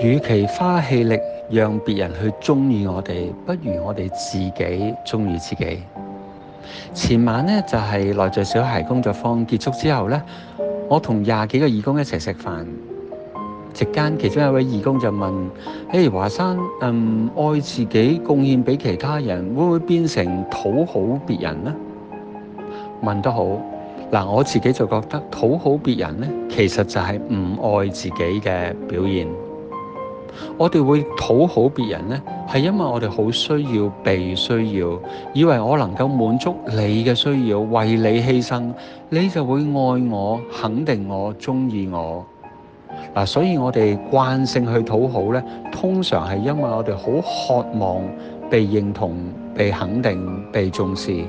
與其花氣力讓別人去中意我哋，不如我哋自己中意自己。前晚呢，就係、是、內在小孩工作坊結束之後呢，我同廿幾個義工一齊食飯，席間其中一位義工就問，誒、hey, 華山，嗯，愛自己，貢獻俾其他人，會唔會變成討好別人呢？問得好。嗱，我自己就覺得討好別人呢，其實就係唔愛自己嘅表現。我哋會討好別人呢，係因為我哋好需要被需要，以為我能夠滿足你嘅需要，為你犧牲，你就會愛我、肯定我、中意我。嗱、啊，所以我哋慣性去討好呢，通常係因為我哋好渴望被認同、被肯定、被重視，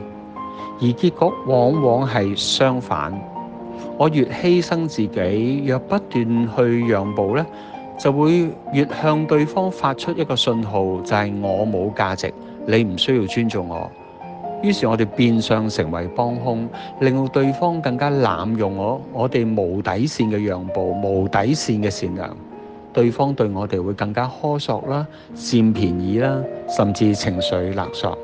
而結果往往係相反。我越犧牲自己，若不斷去讓步呢。就會越向對方發出一個信號，就係我冇價值，你唔需要尊重我。於是，我哋變相成為幫兇，令到對方更加濫用我。我哋無底線嘅讓步、無底線嘅善良，對方對我哋會更加苛索啦、佔便宜啦，甚至情緒勒索。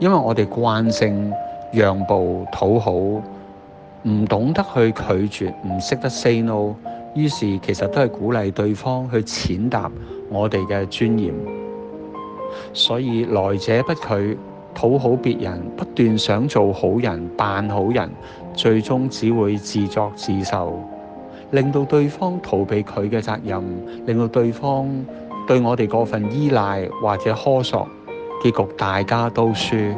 因為我哋慣性讓步、討好，唔懂得去拒絕，唔識得 say no。於是其實都係鼓勵對方去踐踏我哋嘅尊嚴，所以來者不拒，討好別人，不斷想做好人、扮好人，最終只會自作自受，令到對方逃避佢嘅責任，令到對方對我哋過分依賴或者苛索，結局大家都輸，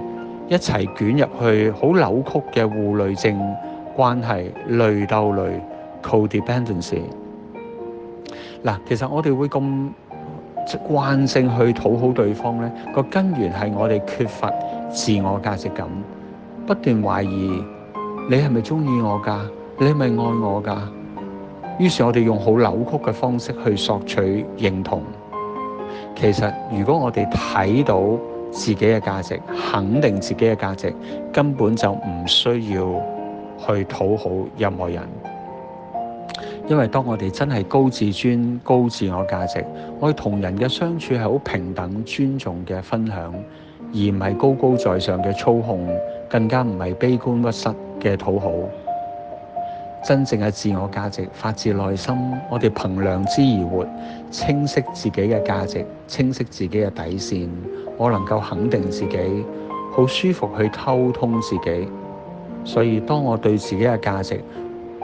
一齊捲入去好扭曲嘅互累症關係，累鬥累。codependency 嗱，其實我哋會咁慣性去討好對方。呢個根源係我哋缺乏自我價值感，不斷懷疑你係咪鍾意我㗎？你係咪愛我㗎？於是，我哋用好扭曲嘅方式去索取認同。其實，如果我哋睇到自己嘅價值，肯定自己嘅價值，根本就唔需要去討好任何人。因為當我哋真係高自尊、高自我價值，我哋同人嘅相處係好平等、尊重嘅分享，而唔係高高在上嘅操控，更加唔係卑躬屈膝嘅討好。真正嘅自我價值發自內心，我哋憑良知而活，清晰自己嘅價值，清晰自己嘅底線，我能夠肯定自己，好舒服去溝通自己。所以當我對自己嘅價值，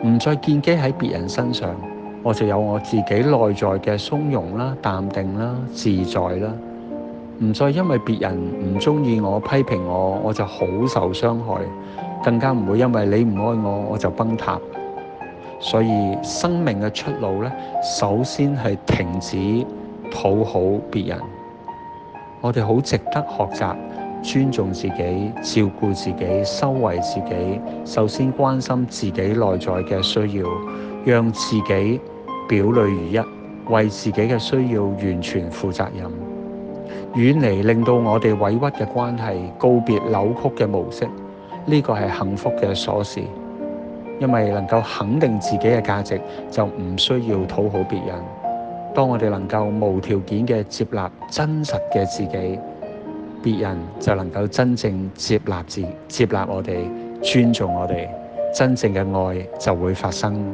唔再建基喺別人身上，我就有我自己內在嘅鬆容啦、淡定啦、自在啦。唔再因為別人唔中意我、批評我，我就好受傷害，更加唔會因為你唔愛我，我就崩塌。所以生命嘅出路咧，首先係停止討好別人。我哋好值得學習。尊重自己，照顧自己，修為自己。首先關心自己內在嘅需要，讓自己表裏如一，為自己嘅需要完全負責任。遠離令到我哋委屈嘅關係，告別扭曲嘅模式。呢個係幸福嘅鎖匙，因為能夠肯定自己嘅價值，就唔需要討好別人。當我哋能夠無條件嘅接納真實嘅自己，別人就能夠真正接納自己，接納我哋，尊重我哋，真正嘅愛就會發生。